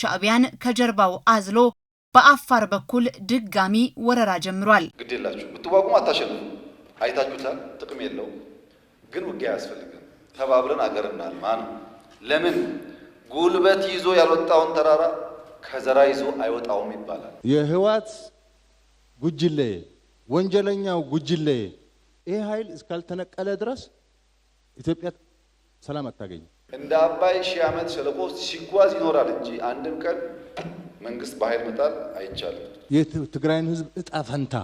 ሻዕቢያን ከጀርባው አዝሎ በአፋር በኩል ድጋሚ ወረራ ጀምሯል። ግድ የላችሁ ብትዋጉም አታሸንፉ፣ አይታችሁታል። ጥቅም የለውም። ግን ውጊያ አያስፈልግም። ተባብረን አገር እናልማ ለምን ጉልበት ይዞ ያልወጣውን ተራራ ከዘራ ይዞ አይወጣውም ይባላል። የህዋት ጉጅሌ ወንጀለኛው ጉጅሌ ይህ ኃይል እስካልተነቀለ ድረስ ኢትዮጵያ ሰላም አታገኝም። እንደ አባይ ሺህ ዓመት ሸለቆ ሲጓዝ ይኖራል እንጂ አንድም ቀን መንግስት በኃይል መጣል አይቻልም። የትግራይን ህዝብ እጣ ፈንታ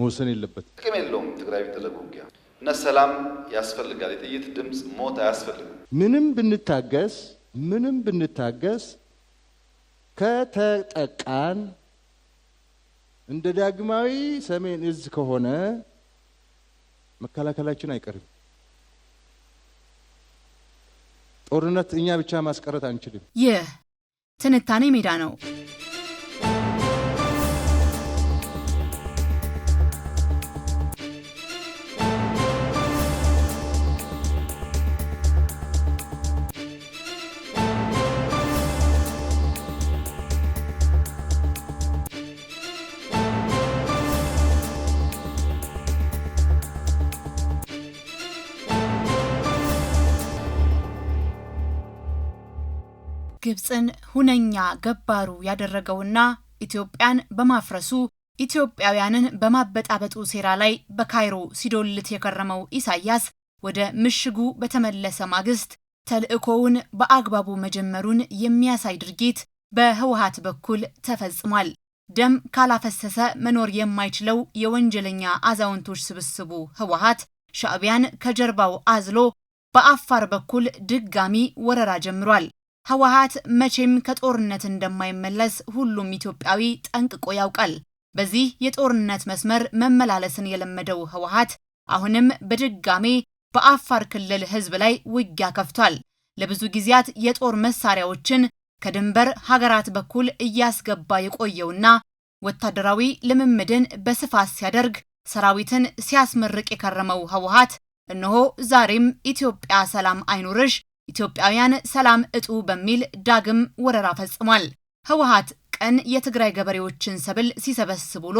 መውሰን የለበት። ጥቅም የለውም ትግራይ የሚደረገው ውጊያ እና ሰላም ያስፈልጋል። የጥይት ድምፅ ሞት አያስፈልግም። ምንም ብንታገስ ምንም ብንታገስ ከተጠቃን እንደ ዳግማዊ ሰሜን እዝ ከሆነ መከላከላችን አይቀርም። ጦርነት እኛ ብቻ ማስቀረት አንችልም። ይህ ትንታኔ ሜዳ ነው። ግብፅን ሁነኛ ገባሩ ያደረገውና ኢትዮጵያን በማፍረሱ ኢትዮጵያውያንን በማበጣበጡ ሴራ ላይ በካይሮ ሲዶልት የከረመው ኢሳያስ ወደ ምሽጉ በተመለሰ ማግስት ተልዕኮውን በአግባቡ መጀመሩን የሚያሳይ ድርጊት በህወሀት በኩል ተፈጽሟል። ደም ካላፈሰሰ መኖር የማይችለው የወንጀለኛ አዛውንቶች ስብስቡ ህወሀት ሻዕቢያን ከጀርባው አዝሎ በአፋር በኩል ድጋሚ ወረራ ጀምሯል። ህወሀት መቼም ከጦርነት እንደማይመለስ ሁሉም ኢትዮጵያዊ ጠንቅቆ ያውቃል። በዚህ የጦርነት መስመር መመላለስን የለመደው ህወሀት አሁንም በድጋሜ በአፋር ክልል ህዝብ ላይ ውጊያ ከፍቷል። ለብዙ ጊዜያት የጦር መሳሪያዎችን ከድንበር ሀገራት በኩል እያስገባ የቆየውና ወታደራዊ ልምምድን በስፋት ሲያደርግ ሰራዊትን ሲያስመርቅ የከረመው ህወሀት እነሆ ዛሬም ኢትዮጵያ ሰላም አይኑርሽ ኢትዮጵያውያን ሰላም እጡ በሚል ዳግም ወረራ ፈጽሟል። ህወሓት ቀን የትግራይ ገበሬዎችን ሰብል ሲሰበስብ ውሎ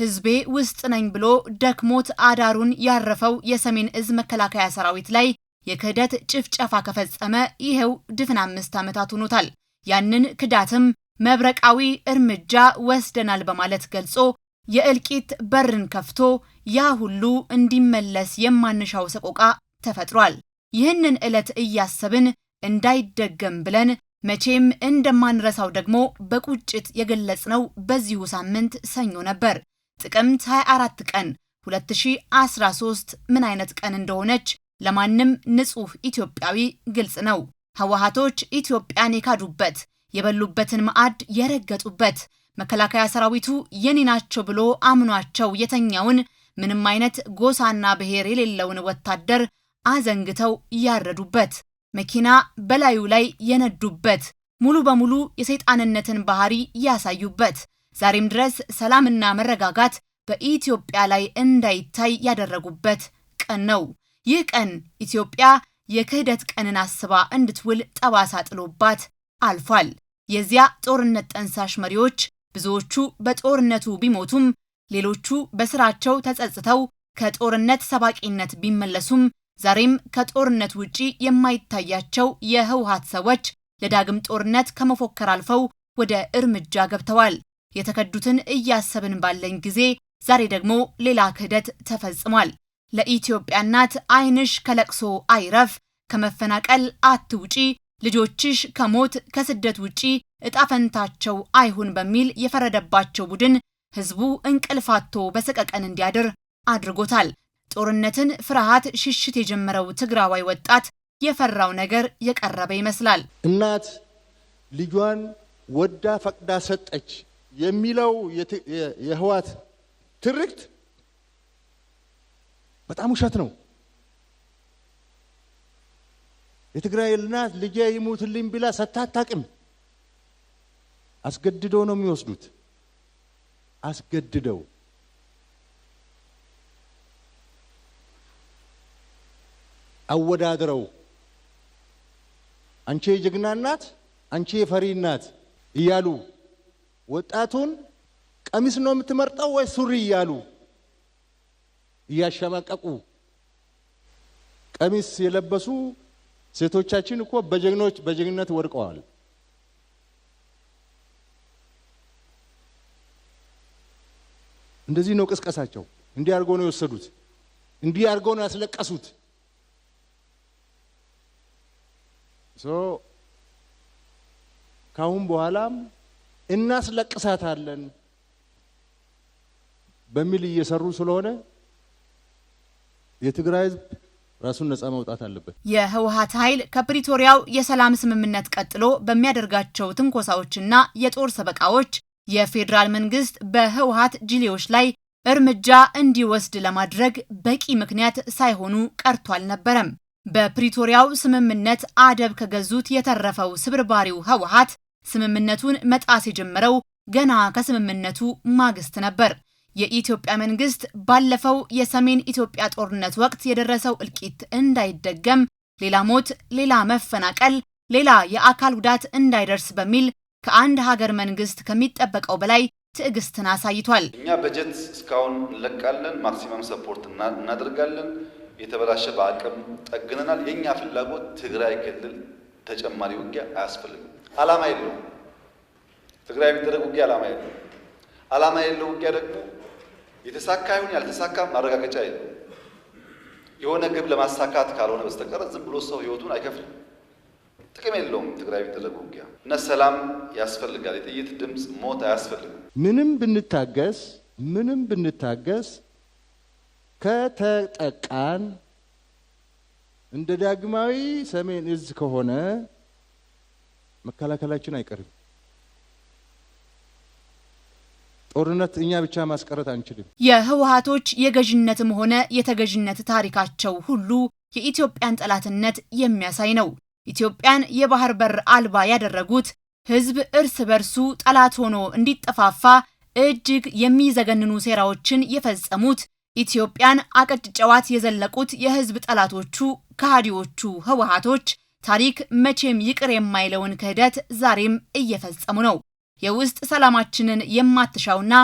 ህዝቤ ውስጥ ነኝ ብሎ ደክሞት አዳሩን ያረፈው የሰሜን እዝ መከላከያ ሰራዊት ላይ የክህደት ጭፍጨፋ ከፈጸመ ይኸው ድፍን አምስት ዓመታት ሆኖታል። ያንን ክዳትም መብረቃዊ እርምጃ ወስደናል በማለት ገልጾ የእልቂት በርን ከፍቶ ያ ሁሉ እንዲመለስ የማንሻው ሰቆቃ ተፈጥሯል። ይህንን ዕለት እያሰብን እንዳይደገም ብለን መቼም እንደማንረሳው ደግሞ በቁጭት የገለጽነው በዚሁ ሳምንት ሰኞ ነበር። ጥቅምት 24 ቀን 2013 ምን አይነት ቀን እንደሆነች ለማንም ንጹህ ኢትዮጵያዊ ግልጽ ነው። ህወሓቶች ኢትዮጵያን የካዱበት፣ የበሉበትን ማዕድ የረገጡበት፣ መከላከያ ሰራዊቱ የኔ ናቸው ብሎ አምኗቸው የተኛውን ምንም አይነት ጎሳና ብሔር የሌለውን ወታደር አዘንግተው ያረዱበት፣ መኪና በላዩ ላይ የነዱበት፣ ሙሉ በሙሉ የሰይጣንነትን ባህሪ ያሳዩበት፣ ዛሬም ድረስ ሰላምና መረጋጋት በኢትዮጵያ ላይ እንዳይታይ ያደረጉበት ቀን ነው። ይህ ቀን ኢትዮጵያ የክህደት ቀንን አስባ እንድትውል ጠባሳ ጥሎባት አልፏል። የዚያ ጦርነት ጠንሳሽ መሪዎች ብዙዎቹ በጦርነቱ ቢሞቱም ሌሎቹ በስራቸው ተጸጽተው ከጦርነት ሰባቂነት ቢመለሱም ዛሬም ከጦርነት ውጪ የማይታያቸው የህውሃት ሰዎች ለዳግም ጦርነት ከመፎከር አልፈው ወደ እርምጃ ገብተዋል። የተከዱትን እያሰብን ባለን ጊዜ ዛሬ ደግሞ ሌላ ክህደት ተፈጽሟል። ለኢትዮጵያ እናት አይንሽ ከለቅሶ አይረፍ፣ ከመፈናቀል አትውጪ፣ ልጆችሽ ከሞት ከስደት ውጪ እጣፈንታቸው አይሁን በሚል የፈረደባቸው ቡድን ህዝቡ እንቅልፋቶ በሰቀቀን እንዲያድር አድርጎታል። ጦርነትን ፍርሃት ሽሽት የጀመረው ትግራዋይ ወጣት የፈራው ነገር የቀረበ ይመስላል። እናት ልጇን ወዳ ፈቅዳ ሰጠች የሚለው የህዋት ትርክት በጣም ውሸት ነው። የትግራይ እናት ልጄ ይሙትልኝ ብላ ሰታት አታውቅም። አስገድደው ነው የሚወስዱት፣ አስገድደው አወዳድረው አንቺ የጀግና እናት፣ አንቺ የፈሪ እናት እያሉ ወጣቱን ቀሚስ ነው የምትመርጠው ወይ ሱሪ እያሉ እያሸማቀቁ ቀሚስ የለበሱ ሴቶቻችን እኮ በጀግኖች በጀግነት ወድቀዋል። እንደዚህ ነው ቅስቀሳቸው። እንዲህ አድርጎ ነው የወሰዱት። እንዲህ አድርጎ ነው ያስለቀሱት። ካሁን በኋላም እናስለቅሳታለን በሚል እየሰሩ ስለሆነ የትግራይ ህዝብ ራሱን ነጻ መውጣት አለበት። የህወሀት ኃይል ከፕሪቶሪያው የሰላም ስምምነት ቀጥሎ በሚያደርጋቸው ትንኮሳዎችና የጦር ሰበቃዎች የፌዴራል መንግስት በህወሀት ጅሌዎች ላይ እርምጃ እንዲወስድ ለማድረግ በቂ ምክንያት ሳይሆኑ ቀርቶ አልነበረም። በፕሪቶሪያው ስምምነት አደብ ከገዙት የተረፈው ስብርባሪው ህወሓት ስምምነቱን መጣስ የጀመረው ገና ከስምምነቱ ማግስት ነበር። የኢትዮጵያ መንግስት ባለፈው የሰሜን ኢትዮጵያ ጦርነት ወቅት የደረሰው እልቂት እንዳይደገም፣ ሌላ ሞት፣ ሌላ መፈናቀል፣ ሌላ የአካል ጉዳት እንዳይደርስ በሚል ከአንድ ሀገር መንግስት ከሚጠበቀው በላይ ትዕግስትን አሳይቷል። እኛ በጀት እስካሁን እንለቃለን፣ ማክሲመም ሰፖርት እናደርጋለን የተበላሸ በአቅም ጠግነናል። የእኛ ፍላጎት ትግራይ ክልል ተጨማሪ ውጊያ አያስፈልግም። አላማ የለውም። ትግራይ የሚደረግ ውጊያ አላማ የለው። አላማ የለው ውጊያ ደግሞ የተሳካ ይሁን ያልተሳካ ማረጋገጫ የለው። የሆነ ግብ ለማሳካት ካልሆነ በስተቀር ዝም ብሎ ሰው ህይወቱን አይከፍልም። ጥቅም የለውም ትግራይ የሚደረግ ውጊያ እነ ሰላም ያስፈልጋል። የጥይት ድምፅ ሞት አያስፈልግም። ምንም ብንታገስ ምንም ብንታገስ ከተጠቃን እንደ ዳግማዊ ሰሜን እዝ ከሆነ መከላከላችን አይቀርም። ጦርነት እኛ ብቻ ማስቀረት አንችልም። የህወሀቶች የገዥነትም ሆነ የተገዥነት ታሪካቸው ሁሉ የኢትዮጵያን ጠላትነት የሚያሳይ ነው። ኢትዮጵያን የባህር በር አልባ ያደረጉት ህዝብ እርስ በርሱ ጠላት ሆኖ እንዲጠፋፋ እጅግ የሚዘገንኑ ሴራዎችን የፈጸሙት ኢትዮጵያን አቀጭጨዋት የዘለቁት የህዝብ ጠላቶቹ ከሃዲዎቹ ህወሓቶች ታሪክ መቼም ይቅር የማይለውን ክህደት ዛሬም እየፈጸሙ ነው። የውስጥ ሰላማችንን የማትሻውና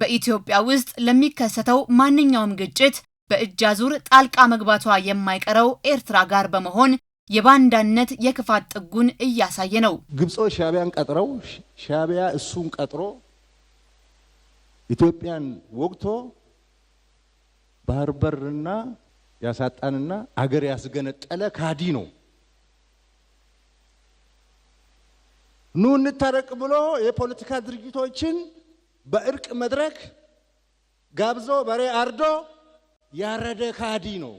በኢትዮጵያ ውስጥ ለሚከሰተው ማንኛውም ግጭት በእጅ አዙር ጣልቃ መግባቷ የማይቀረው ኤርትራ ጋር በመሆን የባንዳነት የክፋት ጥጉን እያሳየ ነው። ግብጾች ሻቢያን ቀጥረው ሻቢያ እሱን ቀጥሮ ኢትዮጵያን ወቅቶ። ባህር በርና ያሳጣንና አገር ያስገነጠለ ካዲ ነው። ኑ እንታረቅ ብሎ የፖለቲካ ድርጅቶችን በእርቅ መድረክ ጋብዞ በሬ አርዶ ያረደ ካዲ ነው።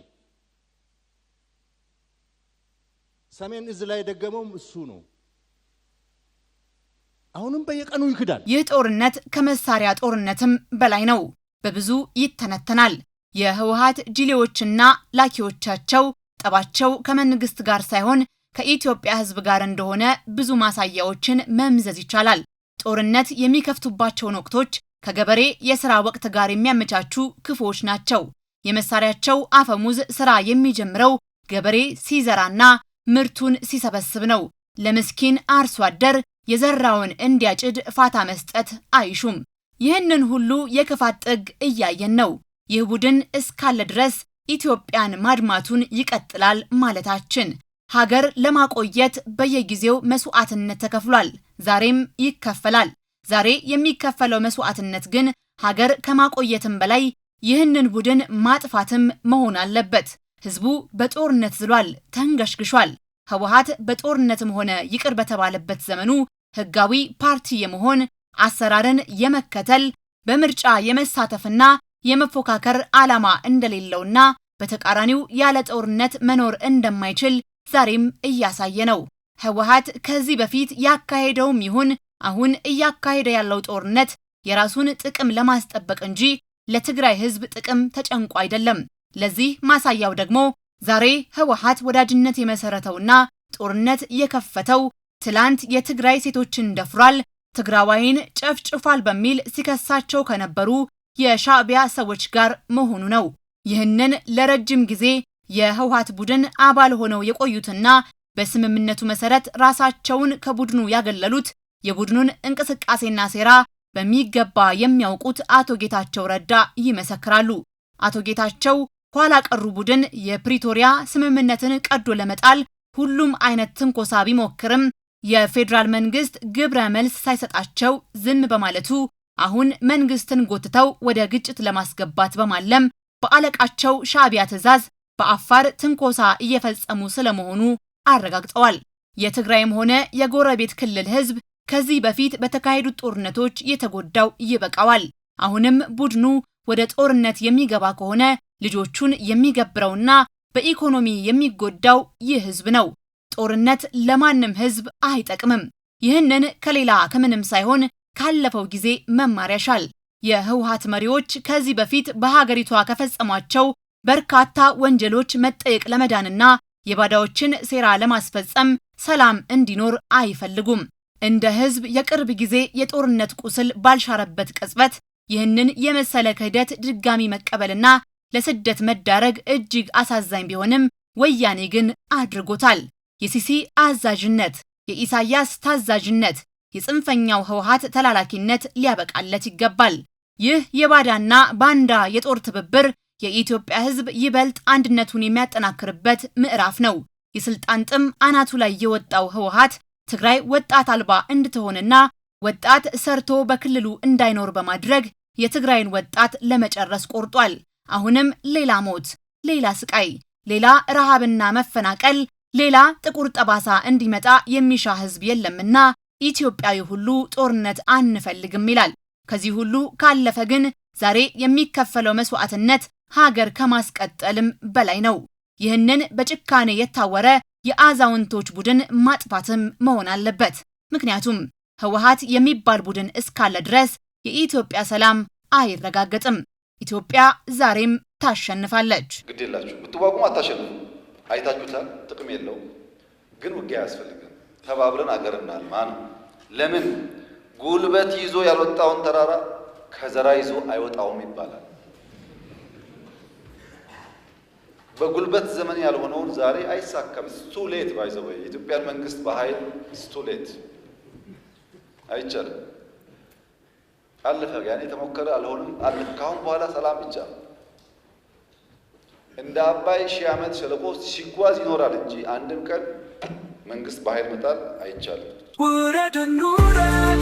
ሰሜን እዝ ላይ ደገመውም እሱ ነው። አሁንም በየቀኑ ይክዳል። ይህ ጦርነት ከመሳሪያ ጦርነትም በላይ ነው፣ በብዙ ይተነተናል። የህወሀት ጅሌዎችና ላኪዎቻቸው ጠባቸው ከመንግስት ጋር ሳይሆን ከኢትዮጵያ ህዝብ ጋር እንደሆነ ብዙ ማሳያዎችን መምዘዝ ይቻላል። ጦርነት የሚከፍቱባቸውን ወቅቶች ከገበሬ የሥራ ወቅት ጋር የሚያመቻቹ ክፉዎች ናቸው። የመሳሪያቸው አፈሙዝ ሥራ የሚጀምረው ገበሬ ሲዘራና ምርቱን ሲሰበስብ ነው። ለምስኪን አርሶ አደር የዘራውን እንዲያጭድ ፋታ መስጠት አይሹም። ይህንን ሁሉ የክፋት ጥግ እያየን ነው። ይህ ቡድን እስካለ ድረስ ኢትዮጵያን ማድማቱን ይቀጥላል ማለታችን ሀገር ለማቆየት በየጊዜው መስዋዕትነት ተከፍሏል፣ ዛሬም ይከፈላል። ዛሬ የሚከፈለው መስዋዕትነት ግን ሀገር ከማቆየትም በላይ ይህንን ቡድን ማጥፋትም መሆን አለበት። ህዝቡ በጦርነት ዝሏል፣ ተንገሽግሿል። ህወሓት በጦርነትም ሆነ ይቅር በተባለበት ዘመኑ ህጋዊ ፓርቲ የመሆን አሰራርን የመከተል በምርጫ የመሳተፍና የመፎካከር ዓላማ እንደሌለውና በተቃራኒው ያለ ጦርነት መኖር እንደማይችል ዛሬም እያሳየ ነው። ህወሓት ከዚህ በፊት ያካሄደውም ይሁን አሁን እያካሄደ ያለው ጦርነት የራሱን ጥቅም ለማስጠበቅ እንጂ ለትግራይ ህዝብ ጥቅም ተጨንቆ አይደለም። ለዚህ ማሳያው ደግሞ ዛሬ ህወሓት ወዳጅነት የመሰረተውና ጦርነት የከፈተው ትላንት የትግራይ ሴቶችን ደፍሯል፣ ትግራዋይን ጨፍጭፏል በሚል ሲከሳቸው ከነበሩ የሻዕቢያ ሰዎች ጋር መሆኑ ነው። ይህንን ለረጅም ጊዜ የህወሓት ቡድን አባል ሆነው የቆዩትና በስምምነቱ መሰረት ራሳቸውን ከቡድኑ ያገለሉት የቡድኑን እንቅስቃሴና ሴራ በሚገባ የሚያውቁት አቶ ጌታቸው ረዳ ይመሰክራሉ። አቶ ጌታቸው ኋላ ቀሩ ቡድን የፕሪቶሪያ ስምምነትን ቀዶ ለመጣል ሁሉም አይነት ትንኮሳ ቢሞክርም የፌዴራል መንግስት ግብረ መልስ ሳይሰጣቸው ዝም በማለቱ አሁን መንግስትን ጎትተው ወደ ግጭት ለማስገባት በማለም በአለቃቸው ሻዕቢያ ትዕዛዝ በአፋር ትንኮሳ እየፈጸሙ ስለመሆኑ አረጋግጠዋል። የትግራይም ሆነ የጎረቤት ክልል ህዝብ ከዚህ በፊት በተካሄዱት ጦርነቶች የተጎዳው ይበቃዋል። አሁንም ቡድኑ ወደ ጦርነት የሚገባ ከሆነ ልጆቹን የሚገብረውና በኢኮኖሚ የሚጎዳው ይህ ህዝብ ነው። ጦርነት ለማንም ህዝብ አይጠቅምም። ይህንን ከሌላ ከምንም ሳይሆን ካለፈው ጊዜ መማር ያሻል። የህወሀት መሪዎች ከዚህ በፊት በሀገሪቷ ከፈጸሟቸው በርካታ ወንጀሎች መጠየቅ ለመዳንና የባዳዎችን ሴራ ለማስፈጸም ሰላም እንዲኖር አይፈልጉም። እንደ ህዝብ የቅርብ ጊዜ የጦርነት ቁስል ባልሻረበት ቅጽበት ይህንን የመሰለ ክህደት ድጋሚ መቀበልና ለስደት መዳረግ እጅግ አሳዛኝ ቢሆንም ወያኔ ግን አድርጎታል። የሲሲ አዛዥነት፣ የኢሳያስ ታዛዥነት፣ የጽንፈኛው ህወሀት ተላላኪነት ሊያበቃለት ይገባል። ይህ የባዳና ባንዳ የጦር ትብብር የኢትዮጵያ ህዝብ ይበልጥ አንድነቱን የሚያጠናክርበት ምዕራፍ ነው። የስልጣን ጥም አናቱ ላይ የወጣው ህወሀት ትግራይ ወጣት አልባ እንድትሆንና ወጣት ሰርቶ በክልሉ እንዳይኖር በማድረግ የትግራይን ወጣት ለመጨረስ ቆርጧል። አሁንም ሌላ ሞት፣ ሌላ ስቃይ፣ ሌላ ረሃብና መፈናቀል፣ ሌላ ጥቁር ጠባሳ እንዲመጣ የሚሻ ህዝብ የለምና ኢትዮጵያዊ ሁሉ ጦርነት አንፈልግም ይላል። ከዚህ ሁሉ ካለፈ ግን ዛሬ የሚከፈለው መስዋዕትነት ሀገር ከማስቀጠልም በላይ ነው። ይህንን በጭካኔ የታወረ የአዛውንቶች ቡድን ማጥፋትም መሆን አለበት። ምክንያቱም ህወሓት የሚባል ቡድን እስካለ ድረስ የኢትዮጵያ ሰላም አይረጋገጥም። ኢትዮጵያ ዛሬም ታሸንፋለች። ግድ የላችሁ ብትዋጉም አታሸንፉ። አይታችሁታል። ጥቅም የለውም። ግን ውጊያ ያስፈልግ ተባብረን አገር እናልማ ነው። ለምን ጉልበት ይዞ ያልወጣውን ተራራ ከዘራ ይዞ አይወጣውም ይባላል። በጉልበት ዘመን ያልሆነውን ዛሬ አይሳካም። ስቱሌት ባይዘወ የኢትዮጵያን መንግስት በኃይል ስቱሌት አይቻልም። አለፈ። ያኔ የተሞከረ አልሆንም አለ። ካሁን በኋላ ሰላም ብቻ እንደ አባይ ሺህ ዓመት ሸለቆ ሲጓዝ ይኖራል እንጂ አንድም ቀን መንግስት በኃይል መጣል አይቻልም። ውረድ እንውረድ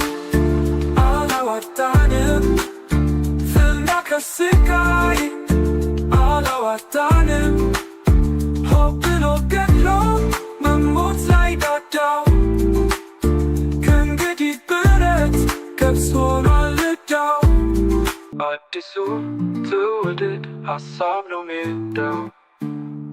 አላዋጣንም፣ ፍና ከስቃይ አላዋጣንም። ሆብሎ ገድሎ መሞት ላይ ዳዳው ከእንግዲህ ብረት ገብስ ሆኗል አዲሱ ትውልድ ሀሳብ ነው ሜዳው